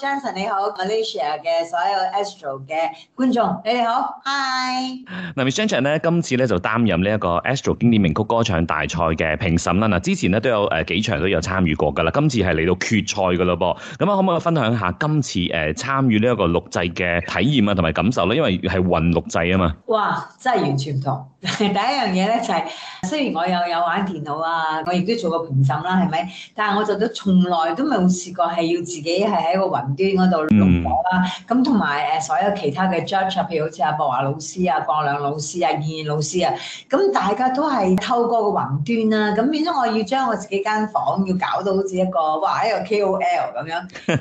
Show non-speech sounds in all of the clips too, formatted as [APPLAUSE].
Jenson 你好，Malaysia 嘅所有 Astro 嘅觀眾，你哋好，hi。嗱，Jenson 咧，今次咧就擔任呢一個 Astro 經典名曲歌唱大賽嘅評審啦。嗱，之前咧都有誒幾場都有參與過㗎啦，今次係嚟到決賽㗎嘞噃。咁啊，可唔可以分享下今次誒參與呢一個錄製嘅體驗啊同埋感受咧？因為係雲錄製啊嘛。哇，真係完全唔同。 [LAUGHS] 第一樣嘢咧就係、是，雖然我又有玩電腦啊，我亦都做過評審啦、啊，係咪？但係我就都從來都冇試過係要自己係喺一個雲。端嗰度錄咗啦，咁同埋誒所有其他嘅 judge 譬如好似阿博華老師啊、郭亮老師啊、燕燕老師啊，咁大家都係透過個雲端啦、啊，咁變咗我要將我自己間房要搞到好似一個哇一個 KOL 咁樣，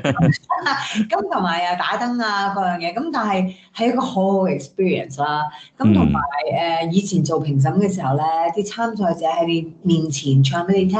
咁同埋啊打燈啊各樣嘢，咁但係係一個好好 experience 啦、啊，咁同埋誒以前做評審嘅時候咧，啲參賽者喺你面前唱俾你聽，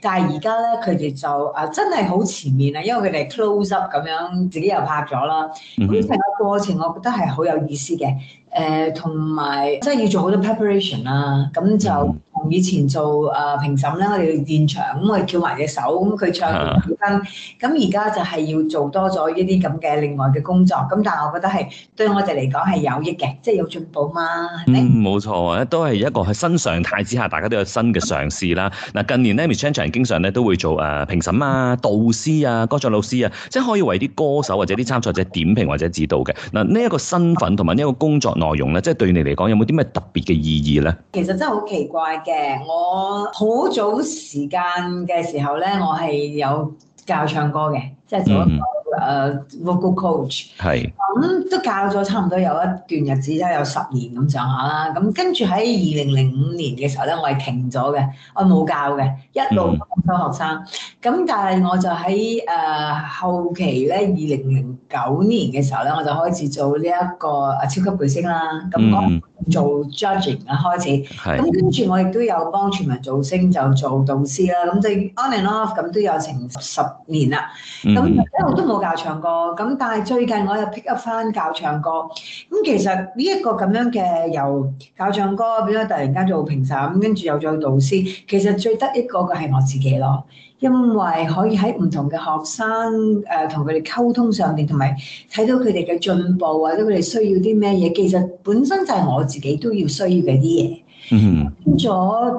但係而家咧佢哋就啊真係好前面啊，因為佢哋 close up。咁樣自己又拍咗啦，咁成、mm hmm. 個過程我覺得係好有意思嘅，誒、呃，同埋即係要做好多 preparation 啦、啊，咁就。Mm hmm. 以前做誒評審咧，我哋現場咁我哋叫埋隻手，咁佢唱幾分。咁而家就係要做多咗呢啲咁嘅另外嘅工作。咁但係我覺得係對我哋嚟講係有益嘅，即係有進步嘛。嗯，冇錯啊，都係一個喺新常態之下，大家都有新嘅嘗試啦。嗱，近年咧，Michan Chan 經常咧都會做誒評審啊、導師啊、歌唱老師啊，即係可以為啲歌手或者啲參賽者點評或者指導嘅。嗱，呢一個身份同埋呢一個工作內容咧，即係對你嚟講有冇啲咩特別嘅意義咧？其實真係好奇怪嘅。誒，我好早時間嘅時候咧，我係有教唱歌嘅，即係做一個誒、嗯呃、vocal coach 是。係咁、嗯、都教咗差唔多有一段日子，即係有十年咁上下啦。咁跟住喺二零零五年嘅時候咧，我係停咗嘅，我冇教嘅，嗯、一路都學生。咁、嗯嗯、但係我就喺誒、呃、後期咧，二零零九年嘅時候咧，我就開始做呢一個啊超級巨星啦。咁、嗯、講。嗯做 judging 啊，開始，咁係跟住我亦都有幫全民造星，就做導師啦。咁即係 on and off，咁都有成十年啦。咁一路我都冇教唱歌，咁但係最近我又 pick up 翻教唱歌。咁其實呢一個咁樣嘅由教唱歌變咗突然間做評審，跟住又做導師，其實最得益個係我自己咯。因為可以喺唔同嘅學生誒同佢哋溝通上面，同埋睇到佢哋嘅進步或者佢哋需要啲咩嘢，其實本身就係我自己。自己都要需要嘅啲嘢，跟住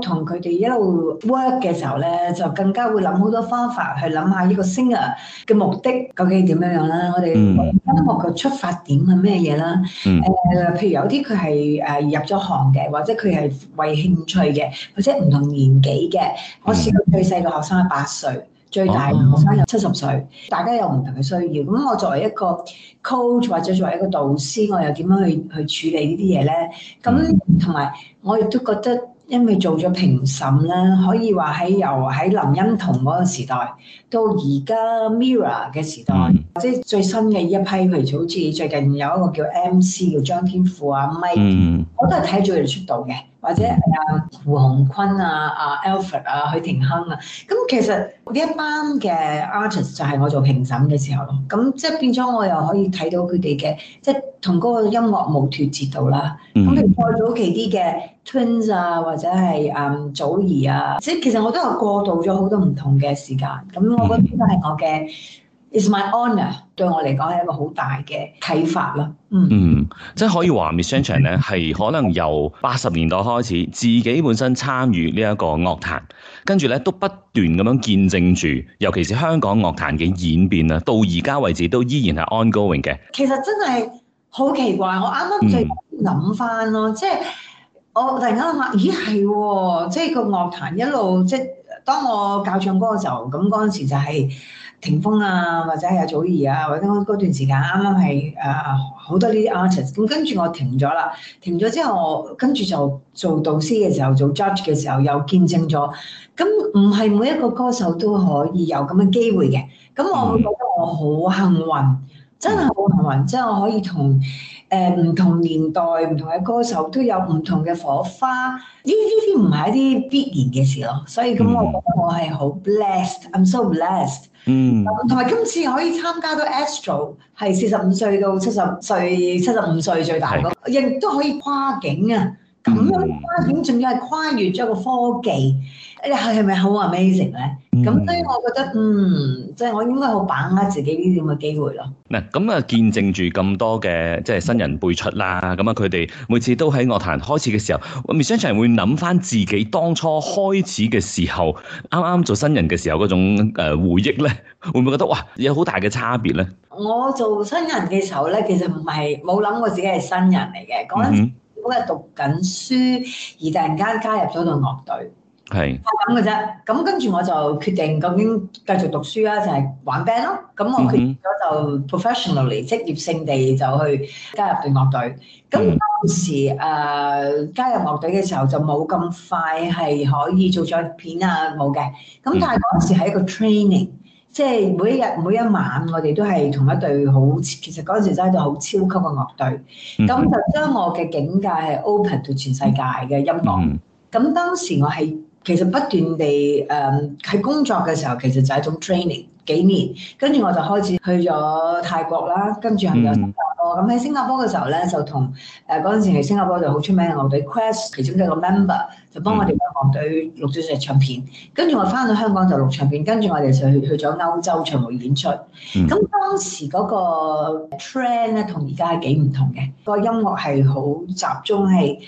同佢哋一路 work 嘅時候咧，就更加會諗好多方法去諗下呢個 singer 嘅目的究竟點樣樣啦。我哋音樂嘅出發點係咩嘢啦？誒、mm hmm. 呃，譬如有啲佢係誒入咗行嘅，或者佢係為興趣嘅，或者唔同年紀嘅。Mm hmm. 我試過最細個學生係八歲。最大學生有七十歲，大家有唔同嘅需要。咁我作為一個 coach 或者作為一個導師，我又點樣去去處理呢啲嘢咧？咁同埋我亦都覺得，因為做咗評審啦，可以話喺由喺林欣彤嗰個時代到而家 MIRROR 嘅時代，即係、嗯、最新嘅一批，譬如好似最近有一個叫 MC 嘅張天賦啊 Mike 我都係睇住佢哋出道嘅。或者阿胡鴻坤啊、阿、啊、Alfred 啊、許廷鏗啊，咁其實呢一班嘅 artist 就係我做評審嘅時候，咁即係變咗我又可以睇到佢哋嘅，即係同嗰個音樂冇脫節到啦。咁你再早期啲嘅 Twins 啊，或者係啊、um, 祖兒啊，即係其實我都有過渡咗好多唔同嘅時間。咁我覺得呢個係我嘅。Mm hmm. It's my honor 對我嚟講係一個好大嘅啟發啦。嗯，嗯，即係可以話 Miss Chan 咧，係可能由八十年代開始，自己本身參與呢一個樂壇，跟住咧都不斷咁樣見證住，尤其是香港樂壇嘅演變啦。到而家為止都依然係 ongoing 嘅。其實真係好奇怪，我啱啱、嗯、就諗翻咯，即係我突然間諗下，咦係喎，即係、哦就是、個樂壇一路即係、就是、當我教唱歌嘅時候，咁嗰陣時就係、是。霆鋒啊，或者係阿祖兒啊，或者我嗰段時間啱啱係誒好多呢啲 artist 啊，咁跟住我停咗啦，停咗之後，我跟住就做導師嘅時候，做 judge 嘅時候又見證咗，咁唔係每一個歌手都可以有咁嘅機會嘅，咁我會覺得我好幸運，真係好幸運，即係我可以同誒唔同年代唔同嘅歌手都有唔同嘅火花，呢啲唔係一啲必然嘅事咯，所以咁我覺得我係好 blessed，I'm so blessed。嗯，同埋今次可以參加到 Astro，係四十五歲到七十歲、七十五歲最大個，亦都的可以跨境啊。咁重點仲要係跨越咗個科技，誒係係咪好 amazing 咧？咁、嗯、所以我覺得，嗯，即、就、係、是、我應該好把握自己呢啲咁嘅機會咯。嗱、嗯，咁啊見證住咁多嘅即係新人輩出啦，咁啊佢哋每次都喺樂壇開始嘅時候，我唔知有冇人會諗翻自己當初開始嘅時候，啱啱做新人嘅時候嗰種、呃、回憶咧，會唔會覺得哇有好大嘅差別咧？我做新人嘅時候咧，其實唔係冇諗過自己係新人嚟嘅嗰陣時咁係讀緊書，而突然間加入咗個樂隊，係咁嘅啫。咁跟住我就決定究竟繼續讀書啦、啊，就係、係、玩 band 咯？咁我決咗就 professionally、mm hmm. 職業性地就去加入隊樂隊。咁當時誒、mm hmm. 呃、加入樂隊嘅時候就冇咁快係可以做咗片啊冇嘅。咁但係嗰時係一個 training。即係每一日每一晚，我哋都係同一隊好，其實嗰陣時真係一隊好超級嘅樂隊。咁、mm hmm. 就將我嘅境界係 open 到全世界嘅音樂。咁、mm hmm. 當時我係其實不斷地誒喺、呃、工作嘅時候，其實就係一種 training 幾年，跟住我就開始去咗泰國啦，跟住係有、mm。Hmm. 咁喺新加坡嘅時候咧，就同誒嗰陣時嚟新加坡就好出名嘅樂隊 Quest 其中一個 member 就幫我哋樂隊錄咗隻唱片，跟住、嗯、我翻到香港就錄唱片，跟住我哋就去去咗歐洲巡迴演出。咁、嗯、當時嗰個 trend 咧，同而家係幾唔同嘅，個音樂係好集中係。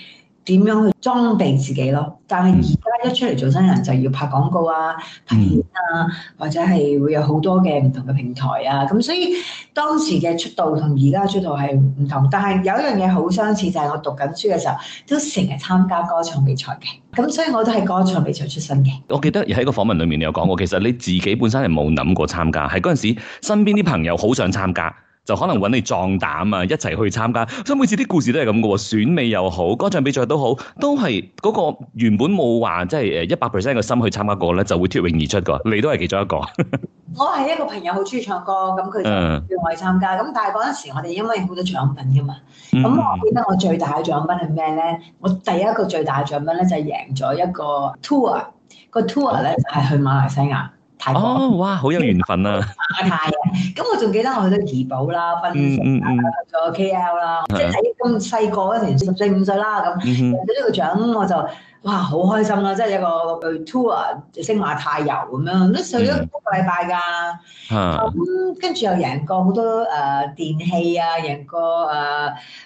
點樣去裝備自己咯？但係而家一出嚟做新人就要拍廣告啊、拍片啊，或者係會有好多嘅唔同嘅平台啊。咁所以當時嘅出道同而家出道係唔同，但係有一樣嘢好相似，就係我讀緊書嘅時候都成日參加歌唱比賽嘅。咁所以我都係歌唱比賽出身嘅。我記得喺個訪問裡面你有講過，其實你自己本身係冇諗過參加，係嗰陣時身邊啲朋友好想參加。就可能揾你壯膽啊，一齊去參加。所以每次啲故事都係咁嘅喎，選美又好，歌唱比賽都好，都係嗰個原本冇話即係誒一百 percent 嘅心去參加個咧，就會脱穎而出嘅。你都係其中一個。 [LAUGHS] 我係一個朋友好中意唱歌，咁佢就叫我去參加。咁、uh, 但係嗰陣時我哋因為好多獎品嘅嘛，咁、um, 我記得我最大嘅獎品係咩咧？我第一個最大嘅獎品咧就係、是、贏咗一個 tour，個 tour 咧係、就是、去馬來西亞。哦，哇，好有緣分啊！馬太啊，咁我仲記得我去咗怡保啦、檳城 KL 啦，即係啲咁細個嗰陣，十四五歲啦咁，攞咗、嗯、哼個獎，我就哇好開心啦、啊！即係有個 tour，星馬泰遊咁樣，都上咗一個禮拜㗎。咁跟住又贏過好多誒、呃、電器啊，贏過誒話、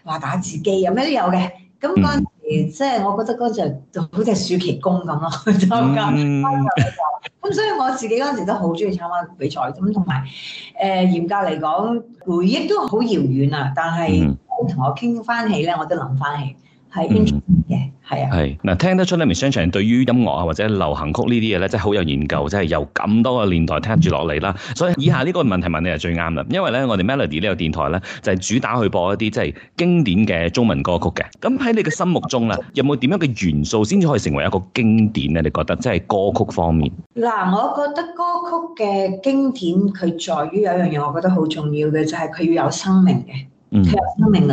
呃、打字機啊，咩都有嘅。咁即係，我覺得嗰陣就好似暑期工咁咯，參加咁，所以我自己嗰陣時都好中意參加比賽。咁同埋，誒、呃、嚴格嚟講，回憶都好遙遠啊。但係同、嗯、我傾翻起咧，我都諗翻起係重要嘅。 [LAUGHS] 係啊，係嗱，聽得出咧，商場人對於音樂啊，或者流行曲呢啲嘢咧，真係好有研究，真、就、係、是、由咁多個年代聽住落嚟啦。嗯、所以以下呢個問題問你係最啱啦，因為咧，我哋 Melody 呢個電台咧，就係、是、主打去播一啲即係經典嘅中文歌曲嘅。咁喺你嘅心目中啦，有冇點樣嘅元素先可以成為一個經典咧？你覺得即係歌曲方面？嗱、嗯，我覺得歌曲嘅經典，佢在於有一樣嘢，我覺得好重要嘅就係、是、佢要有生命嘅，佢有生命力。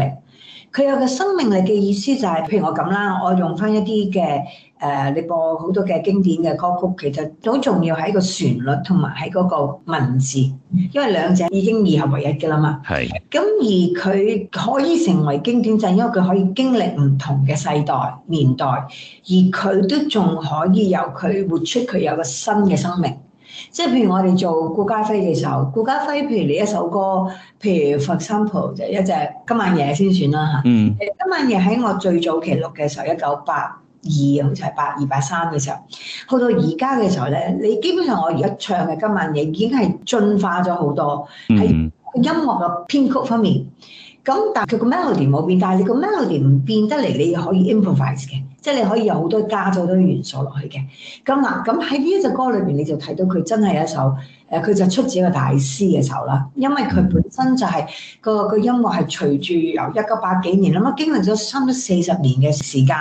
佢有個生命力嘅意思就係，譬如我咁啦，我用翻一啲嘅，誒，你播好多嘅經典嘅歌曲，其實好重要係一個旋律同埋係嗰個文字，因為兩者已經二合為一嘅啦嘛。係。咁而佢可以成為經典就係因為佢可以經歷唔同嘅世代年代，而佢都仲可以有佢活出佢有個新嘅生命。即係譬如我哋做顧嘉輝嘅時候，顧嘉輝譬如你一首歌，譬如 for example 就一隻《今晚夜》先算啦嚇。《今晚夜》喺我最早期錄嘅時候，一九八二好似係八二八三嘅時候，去到而家嘅時候咧，你基本上我而家唱嘅《今晚夜》已經係進化咗好多，係、嗯、音樂嘅編曲方面。咁但係佢個 melody 冇變，但係你個 melody 唔變得嚟，你可以 improvise 嘅。即係你可以有好多加咗好多元素落去嘅，咁嗱，咁喺呢一隻歌裏邊，你就睇到佢真係一首。誒佢就出自一個大師嘅時候啦，因為佢本身就係、係嗰個、嗰個音樂係隨住由一九八幾年咁樣經歷咗差唔多四十年嘅時間，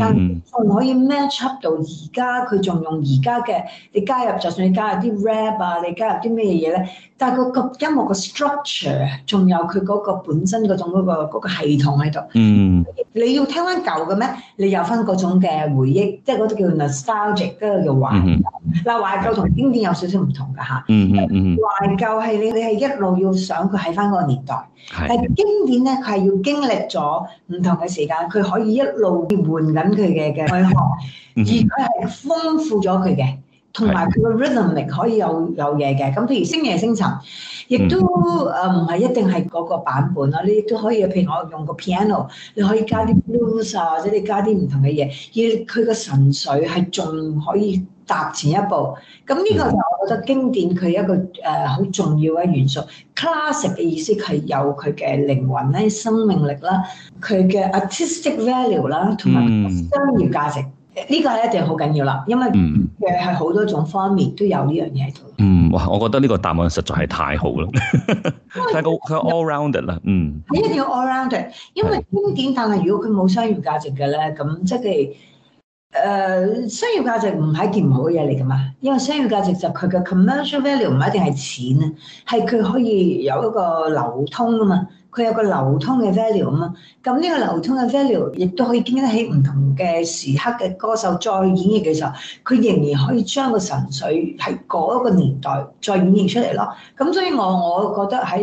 但係仲可以 match up 到而家佢仲用而家嘅，你加入就算你加入啲 rap 啊，你加入啲咩嘢咧？但係、嗰個嗰個音樂個 structure，仲有佢嗰個本身嗰種嗰、嗰個嗰個系統喺度。嗯、你要聽翻舊嘅咩？你有翻嗰種嘅回憶，即係嗰啲叫做 nostalgic 嗰個叫懷舊。嗱、嗯、懷舊同經典有少少唔同嘅嚇。嗯嗯嗯，懷舊係你你係一路要想佢喺翻個年代，的但係經典咧，佢係要經歷咗唔同嘅時間，佢可以一路換緊佢嘅嘅內容， [LAUGHS] 嗯、哼而佢係豐富咗佢嘅，同埋佢嘅 rhythm 可以有有嘢嘅。咁譬如《星夜星辰》亦都誒唔係一定係嗰個版本啦，你亦都可以譬如我用個 piano，你可以加啲 blues 啊，或者你加啲唔同嘅嘢，而佢個神髓係仲可以。踏前一步，咁呢個就我覺得經典佢一個誒好、呃、重要嘅元素。Classic 嘅意思係有佢嘅靈魂啦、生命力啦、佢嘅 artistic value 啦，同埋商業價值。呢個係一定好緊要啦，因為嘅係好多種方面都有呢樣嘢喺度。嗯，哇！我覺得呢個答案實在係太好啦，太個佢 all round 啦。嗯，一定要 all round。因為經典，但係如果佢冇商業價值嘅咧，咁即係。誒，uh, 商業價值唔係一件唔好嘅嘢嚟噶嘛？因為商業價值就佢嘅 commercial value，唔係一定係錢啊，係佢可以有一個流通啊嘛。佢有個流通嘅 value 啊嘛。咁呢個流通嘅 value 亦都可以經得起唔同嘅時刻嘅歌手再演繹嘅時候，佢仍然可以將個神髓系嗰個年代再演繹出嚟咯。咁所以我我覺得喺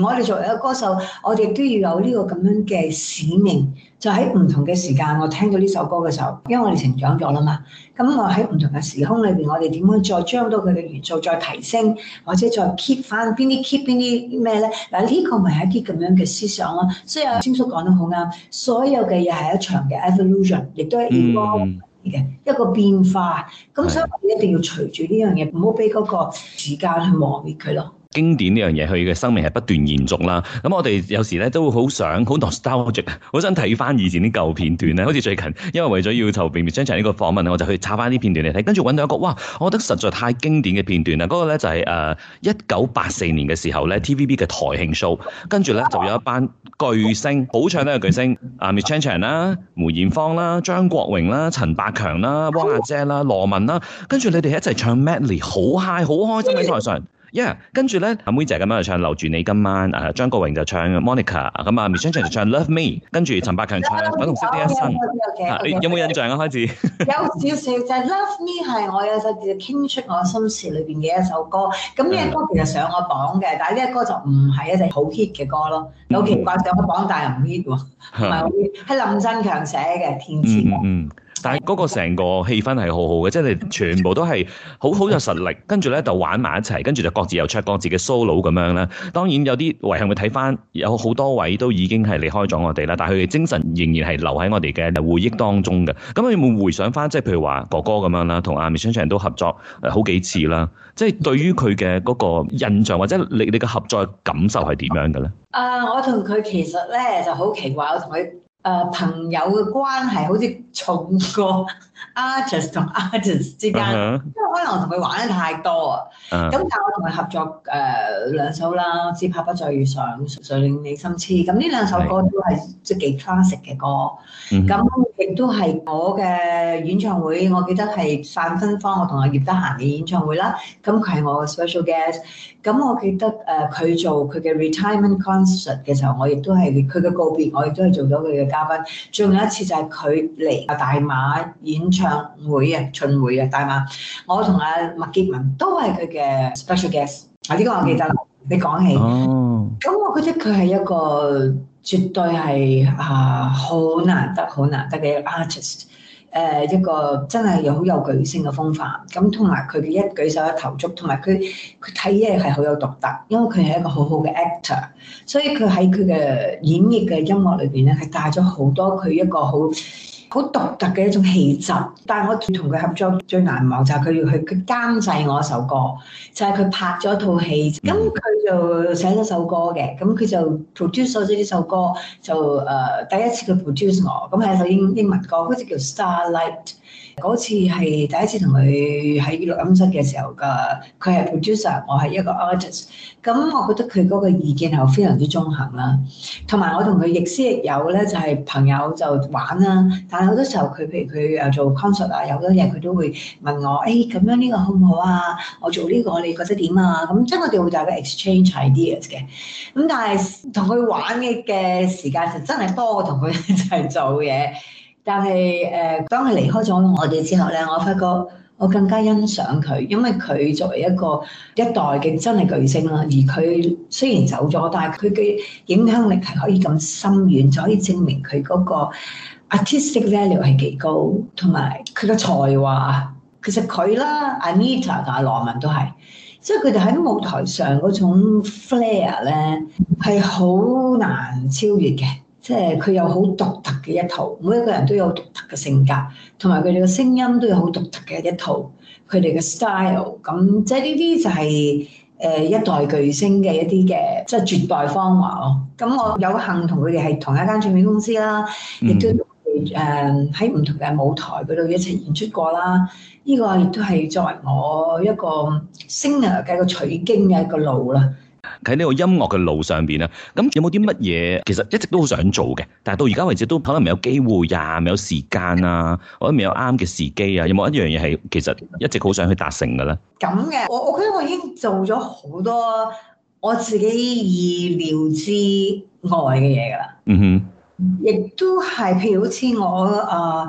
而我哋作為一個歌手，我哋都要有呢個咁樣嘅使命。就喺唔同嘅時間，我聽到呢首歌嘅時候，因為我哋成長咗啦嘛，咁我喺唔同嘅時空裏邊，我哋點樣再將到佢嘅元素再提升，或者再 keep 翻邊啲 keep 邊啲咩咧？嗱，呢個咪係一啲咁樣嘅思想咯、啊。所以、啊，詹叔講得好啱，所有嘅嘢係一場嘅 evolution，亦都係 evolve 嘅一個變化。咁、嗯、所以一定要隨住呢樣嘢，唔好俾嗰個時間去磨滅佢咯。經典呢樣嘢，佢嘅生命係不斷延續啦。咁我哋有時咧都會好想好 nostalgic，好想睇翻以前啲舊片段咧。好似最近，因為為咗要籌備 Michelle 呢個訪問，我就去插翻啲片段嚟睇，跟住揾到一個哇，我覺得實在太經典嘅片段啦。嗰、嗰個咧就係誒一九八四年嘅時候咧，TVB 嘅台慶 show，跟住咧就有一班巨星，好唱呢係巨星，啊 Michelle 啦、啊、梅艷芳啦、啊、張國榮啦、啊、陳百強啦、啊、汪阿姐啦、啊、羅文啦、啊，跟住你哋一齊唱 melody 好嗨，好開心喺台上。yeah，跟住咧阿梅姐咁樣嚟唱留住你今晚，誒、啊、張國榮就唱 Monica，咁啊 Michelle Chan 就唱 Love Me，跟住陳百強唱粉紅色的一生， [MUSIC] 嗯嗯啊、你有冇印象啊？Okay, okay, okay. 開始 [LAUGHS] 有少少就是、Love Me 係我有首叫傾出我心事裏邊嘅一首歌，咁呢一首歌其實上我的榜嘅，但係呢一首歌就唔係一隻好 hit 嘅歌咯，嗯、好奇怪上我榜但係唔 hit 喎，係 [LAUGHS] [LAUGHS] 林振強寫嘅《天籟》。 [MUSIC] [MUSIC] 但係嗰個成個氣氛係好好嘅，即係全部都係好好有實力，跟住咧就玩埋一齊，跟住就各自又唱各自嘅 solo 咁樣啦。當然有啲遺憾，會睇翻有好多位都已經係離開咗我哋啦，但係佢嘅精神仍然係留喺我哋嘅回憶當中嘅。咁你會回想翻，即係譬如話哥哥咁樣啦，同阿 Michelle 都合作好幾次啦。即係對於佢嘅嗰個印象，或者你你嘅合作感受係點樣嘅咧？啊，uh，我同佢其實咧就好奇怪，我同佢。誒、呃，朋友嘅關係好似重過。artists 同 artists Artist 之間，因為、uh huh. 可能我同佢玩得太多啊，咁、uh huh. 但係我同佢合作誒、呃、兩首啦，《只怕不再遇上》，純粹令你心痴，咁呢兩首歌都係即係幾 classic 嘅歌，咁亦、mm hmm. 都係我嘅演唱會，我記得係范芬芳我同阿葉德嫻嘅演唱會啦，咁佢係我嘅 special guest，咁我記得誒佢、呃、做佢嘅 retirement concert 嘅時候，我亦都係佢嘅告別，我亦都係做咗佢嘅嘉賓。仲有一次就係佢嚟阿大馬演、演。唱會啊，巡會啊，大馬，我同阿麥潔文都係佢嘅 special guest，啊呢個我記得啦，你講起，咁、oh. 我覺得佢係一個絕對係啊好難得、好難得嘅一個 artist，誒、呃、一個真係又好有巨星嘅風範，咁同埋佢嘅一舉手一投足，同埋佢佢睇嘢係好有獨特，因為佢係一個好好嘅 actor，所以佢喺佢嘅演繹嘅音樂裏邊咧，係帶咗好多佢一個好。好獨特嘅一種氣質，但係我同佢合作最難忘就係佢要佢監製我一首歌，就係、是、佢拍咗一套戲，咁佢就寫咗首歌嘅，咁佢就 produce 咗呢首歌，就誒、呃、第一次佢 produce 我，咁係一首英英文歌，好似叫 Starlight。嗰次係第一次同佢喺錄音室嘅時候㗎，佢係 producer，我係一個 artist、嗯。咁我覺得佢嗰個意見係非常之中肯啦。同埋我同佢亦師亦友咧，就係朋友就玩啦。但係好多時候佢譬如佢誒做 concert 啊，有好多嘢佢都會問我：誒、哎、咁樣呢個好唔好啊？我做呢個你覺得點啊？咁即係我哋會有個 exchange ideas 嘅。咁、嗯、但係同佢玩嘅嘅時間就真係多過同佢一齊做嘢。但係誒、呃，當佢離開咗我哋之後咧，我發覺我更加欣賞佢，因為佢作為一個一代嘅真係巨星啦。而佢雖然走咗，但係佢嘅影響力係可以咁深遠，就可以證明佢嗰個 artistic value 係幾高，同埋佢嘅才華。其實佢啦，Anita 同阿羅文都係，即係佢哋喺舞台上嗰種 flair 咧，係好難超越嘅。即係佢有好獨特嘅一套，每一個人都有獨特嘅性格，同埋佢哋嘅聲音都有好獨特嘅一套，佢哋嘅 style，咁即係呢啲就係誒一代巨星嘅一啲嘅即係絕代芳華咯。咁我有幸同佢哋係同一間唱片公司啦，亦都誒喺唔同嘅舞台嗰度一齊演出過啦。呢、這個亦都係作為我一個聲樂嘅一個取經嘅一個路啦。喺呢個音樂嘅路上邊咧，咁有冇啲乜嘢其實一直都好想做嘅，但係到而家為止都可能未有機會呀，未有時間啊，或者未有啱嘅時機啊，有冇一樣嘢係其實一直好想去達成嘅咧？咁嘅，我我覺得我已經做咗好多我自己意料之外嘅嘢噶啦。嗯哼、mm，亦、hmm. 都係，譬如好似我誒。呃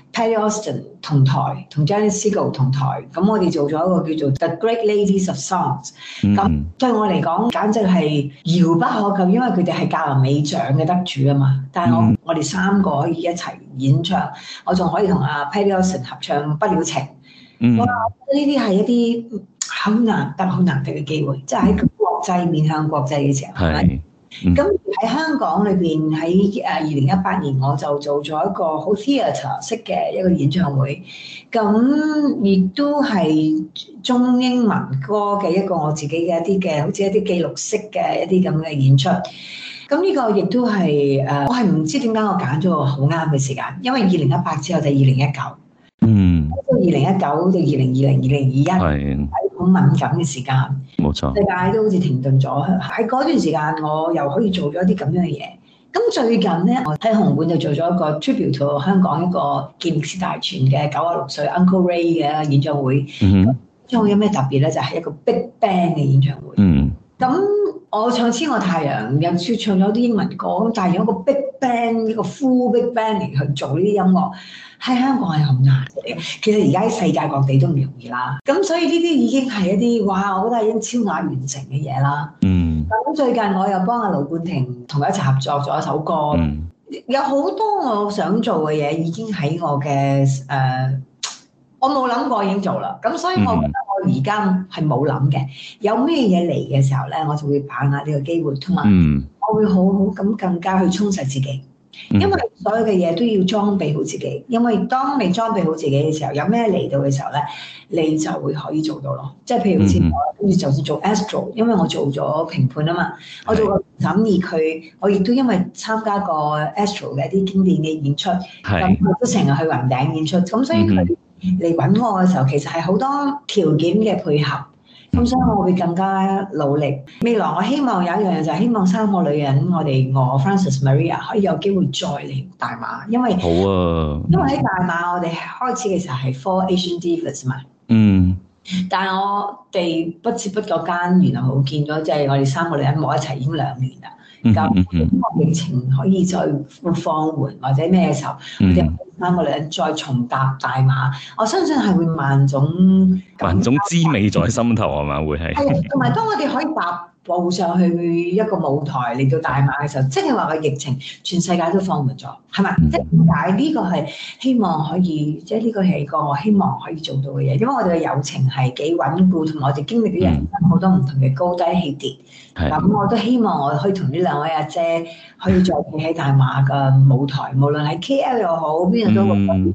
Paty Austin 同台，同 Janis Siegel 同台，咁我哋做咗一個叫做 The Great Ladies of Songs，咁、mm hmm. 對我嚟講簡直係遙不可及，因為佢哋係格林美獎嘅得主啊嘛。但係我、mm hmm. 我哋三個可以一齊演唱，我仲可以同阿 Patti Austin 合唱不了情，哇、mm！呢啲係一啲好難,難得、好難得嘅機會，即係喺國際面向國際嘅時候。Mm hmm. 咁喺，嗯、香港裏邊喺誒二零一八年我就做咗一個好 theatre 式嘅一個演唱會。咁亦都係中英文歌嘅一個我自己嘅一啲嘅，好似一啲記錄式嘅一啲咁嘅演出。咁呢個亦都係誒，我係唔知點解我揀咗個好啱嘅時間，因為二零一八之後就二零一九，嗯，二零一九到二零二零，二零二一。2021, 好敏感嘅時間，冇錯，世界都好似停頓咗。喺嗰段時間，我又可以做咗啲咁樣嘅嘢。咁最近咧，我喺紅館就做咗一個 tribute to 香港一個健力士大全嘅九十六歲 Uncle Ray 嘅演唱會。嗯哼、mm，因、hmm. 有咩特別咧，就係、是、一個 big band 嘅演唱會。嗯、mm，咁、hmm。我唱《千個太陽》，又説唱咗啲英文歌，咁但係有一個 big band 一個 full big band 嚟去做呢啲音樂，喺香港係好難嘅。其實而家世界各地都唔容易啦。咁所以呢啲已經係一啲哇，我覺得已經係超額完成嘅嘢啦。嗯。咁最近我又幫阿盧冠廷同佢一齊合作咗一首歌。Mm. 有好多我想做嘅嘢，已經喺我嘅誒。Uh, 我冇諗過已經做啦，咁所以我覺得我而家係冇諗嘅。Mm hmm. 有咩嘢嚟嘅時候咧，我就會把握呢個機會，同埋我會好好咁更加去充實自己，mm hmm. 因為所有嘅嘢都要裝備好自己。因為當你裝備好自己嘅時候，有咩嚟到嘅時候咧，你就會可以做到咯。即係譬如好似我，跟住、mm hmm. 就算做 Astro，因為我做咗評判啊嘛，mm hmm. 我做咗審議佢，我亦都因為參加過 Astro 嘅一啲經典嘅演出，咁佢、mm hmm. 都成日去雲頂演出，咁所以佢、mm。Hmm. 嚟揾我嘅時候，其實係好多條件嘅配合，咁、嗯、所以我會更加努力。未來我希望有一樣嘢就係、是、希望三個女人，我哋我 Frances Maria 可以有機會再嚟大馬，因為好啊，因為喺大馬我哋開始嘅時候係 Four Asian Divas 嘛。嗯，但係我哋不知不覺間原來好見咗，即、就、係、是、我哋三個女人冇一齊已經兩年啦。咁如果疫情可以再放緩或者咩時候，啱我哋再重踏大馬，我相信係會萬種萬種滋味在心頭啊嘛，會係。係，同埋當我哋可以踏步上去一個舞台嚟到大馬嘅時候，即係話個疫情全世界都放緩咗，係咪？即係點解呢個係希望可以，即係呢個係個我希望可以做到嘅嘢，因為我哋嘅友情係幾穩固，同埋我哋經歷咗人生好多唔同嘅高低起跌，咁我都希望我可以同呢兩位阿姐。可以再企喺大馬嘅舞台，無論喺 KL 又好，邊度都會。嗯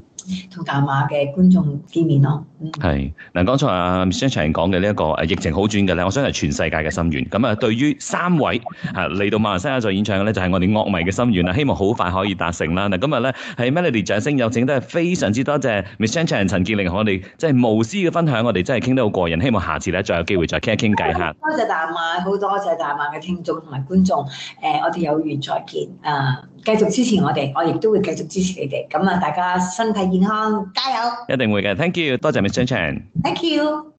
同大馬嘅觀眾見面咯，嗯，係嗱，剛才阿 Michelle Chan 講嘅呢一個誒疫情好轉嘅咧，我想係全世界嘅心願。咁啊，對於三位啊嚟到馬來西亞做演唱嘅咧，就係我哋樂迷嘅心願啦，希望好快可以達成啦。嗱，今日咧喺 Melody 掌聲有請，都係非常之多謝 Michelle Chan、陳潔靈，我哋即係無私嘅分享，我哋真係傾得好過癮，希望下次咧再有機會再傾一傾偈嚇。多謝大馬，好多謝大馬嘅聽眾同埋觀眾，誒、呃，我哋有緣再見啊！呃繼續支持我哋，我亦都會繼續支持你哋。咁啊，大家身體健康，加油！一定會嘅，Thank you，多謝 Mr. Chan，Thank you。